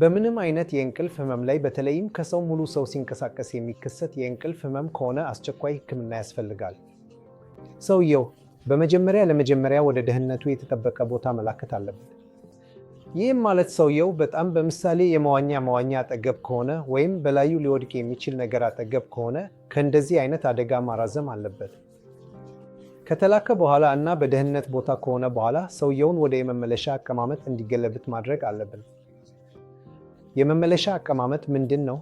በምንም አይነት የእንቅልፍ ህመም ላይ በተለይም ከሰው ሙሉ ሰው ሲንቀሳቀስ የሚከሰት የእንቅልፍ ህመም ከሆነ አስቸኳይ ህክምና ያስፈልጋል። ሰውየው በመጀመሪያ ለመጀመሪያ ወደ ደህንነቱ የተጠበቀ ቦታ መላከት አለበት። ይህም ማለት ሰውየው በጣም በምሳሌ የመዋኛ መዋኛ አጠገብ ከሆነ ወይም በላዩ ሊወድቅ የሚችል ነገር አጠገብ ከሆነ ከእንደዚህ አይነት አደጋ ማራዘም አለበት። ከተላከ በኋላ እና በደህንነት ቦታ ከሆነ በኋላ ሰውየውን ወደ የመመለሻ አቀማመጥ እንዲገለብት ማድረግ አለብን። የመመለሻ አቀማመጥ ምንድን ነው?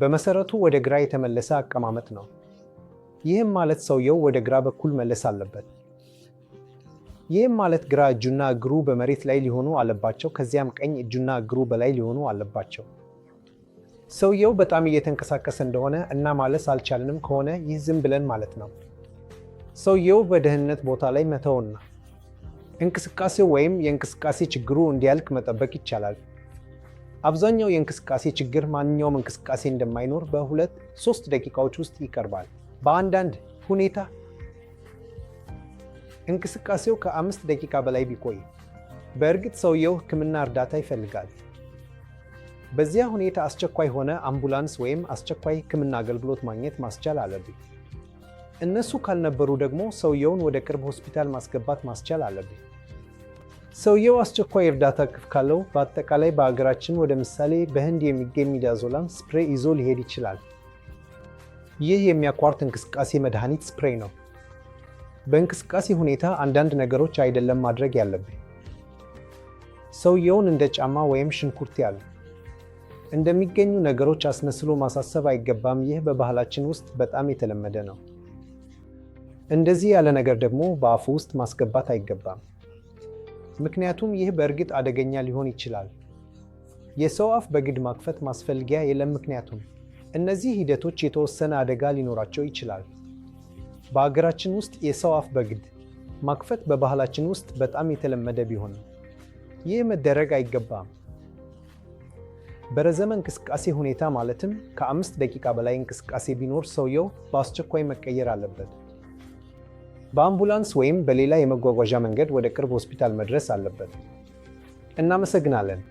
በመሰረቱ ወደ ግራ የተመለሰ አቀማመጥ ነው። ይህም ማለት ሰውየው ወደ ግራ በኩል መለስ አለበት። ይህም ማለት ግራ እጁና እግሩ በመሬት ላይ ሊሆኑ አለባቸው። ከዚያም ቀኝ እጁና እግሩ በላይ ሊሆኑ አለባቸው። ሰውየው በጣም እየተንቀሳቀሰ እንደሆነ እና ማለስ አልቻልንም ከሆነ ይህ ዝም ብለን ማለት ነው። ሰውየው በደህንነት ቦታ ላይ መተውና እንቅስቃሴው ወይም የእንቅስቃሴ ችግሩ እንዲያልቅ መጠበቅ ይቻላል። አብዛኛው የእንቅስቃሴ ችግር ማንኛውም እንቅስቃሴ እንደማይኖር በሁለት ሶስት ደቂቃዎች ውስጥ ይቀርባል። በአንዳንድ ሁኔታ እንቅስቃሴው ከአምስት ደቂቃ በላይ ቢቆይ በእርግጥ ሰውየው ሕክምና እርዳታ ይፈልጋል። በዚያ ሁኔታ አስቸኳይ ሆነ አምቡላንስ ወይም አስቸኳይ ሕክምና አገልግሎት ማግኘት ማስቻል አለብኝ። እነሱ ካልነበሩ ደግሞ ሰውየውን ወደ ቅርብ ሆስፒታል ማስገባት ማስቻል አለብኝ። ሰውየው አስቸኳይ የእርዳታ እቅፍ ካለው በአጠቃላይ በሀገራችን ወደ ምሳሌ በህንድ የሚገኝ ሚዳዞላም ስፕሬ ይዞ ሊሄድ ይችላል። ይህ የሚያኳርት እንቅስቃሴ መድኃኒት ስፕሬ ነው። በእንቅስቃሴ ሁኔታ አንዳንድ ነገሮች አይደለም ማድረግ ያለብን። ሰውየውን እንደ ጫማ ወይም ሽንኩርት ያሉ እንደሚገኙ ነገሮች አስመስሎ ማሳሰብ አይገባም። ይህ በባህላችን ውስጥ በጣም የተለመደ ነው። እንደዚህ ያለ ነገር ደግሞ በአፉ ውስጥ ማስገባት አይገባም። ምክንያቱም ይህ በእርግጥ አደገኛ ሊሆን ይችላል። የሰው አፍ በግድ ማክፈት ማስፈልጊያ የለም፣ ምክንያቱም እነዚህ ሂደቶች የተወሰነ አደጋ ሊኖራቸው ይችላል። በአገራችን ውስጥ የሰው አፍ በግድ ማክፈት በባህላችን ውስጥ በጣም የተለመደ ቢሆንም ይህ መደረግ አይገባም። በረዘመ እንቅስቃሴ ሁኔታ ማለትም ከአምስት ደቂቃ በላይ እንቅስቃሴ ቢኖር ሰውየው በአስቸኳይ መቀየር አለበት። በአምቡላንስ ወይም በሌላ የመጓጓዣ መንገድ ወደ ቅርብ ሆስፒታል መድረስ አለበት። እናመሰግናለን።